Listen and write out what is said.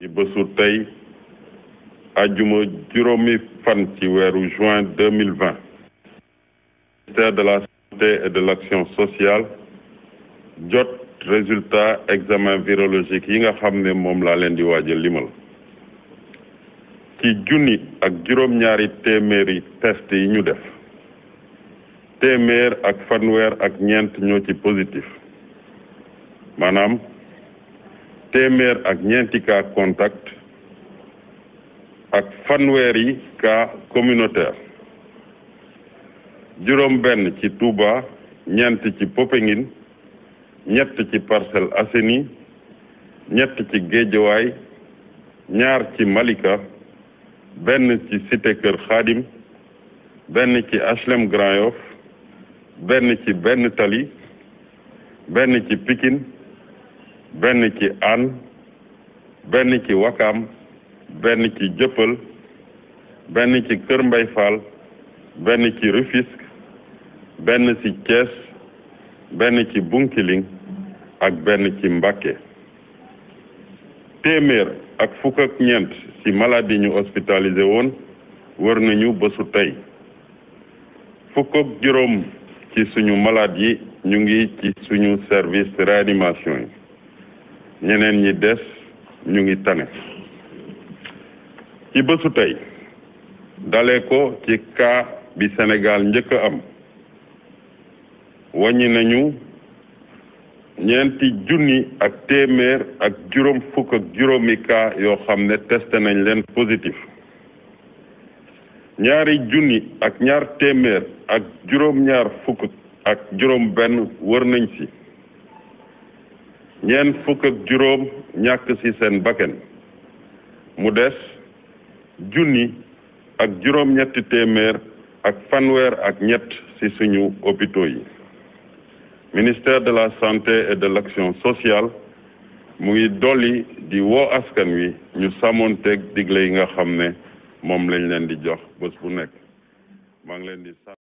ci bésu tey ajjuma juróomi fan ci weeru juin deux mille vingt ministère de la santé et de l'action sociale jot résultat examen virologique yi nga xam ne moom laa leen di waaja limal ci junni ak juróom-ñaari téeméeri test yi ñu def téeméer ak fanweer ak ñeent ñoo ci positif maanaam téeméer ak ñenti ka contact ak yi ka communautaire juróom benn ci Touba ñeent ci Popenguine ñett ci parcel aseni ñett ci Guédiawaye ñaar ci Malika benn ci Cité keur khadim benn ci achlem Grand Yoff benn ci Benn Tali benn ci Pikine benn ci Hann benn ci Wakam benn ci Jëppal benn ci Kër Mbay Fall benn ci Rufisque benn ci Thiès benn ci Bunkiling ak benn ci Mbacké téeméer ak fukk ak ñeent ci malaat yi ñu hospitalisé woon wër nañu bësu tey fukk ak juróom ci suñu malaat yi ñu ngi ci suñu service réanimation yi ñeneen ñi des ñu ngi tane ci bésu tey dale ko ci cas bi Sénégal njëkk am wàññi nañu ñeenti junni ak téeméer ak juróom fukk juróomi cas yoo xam ne testé nañ leen positif ñaari junni ak ñaar téeméer ak juróom-ñaar fukk ak juróom benn wër nañ si ñeent fukk ak juróom ñàkk ci seen bakken mu des junni ak juróom ñetti téeméer ak fanweer ak ñett ci suñu hôpitaux yi ministère de la santé et de l'action sociale mu ngi dolli di woo askan wi ñu sàmmoonteeg digle yi nga xam ne moom lañ leen di jox bés bu nekk maa ngi leen di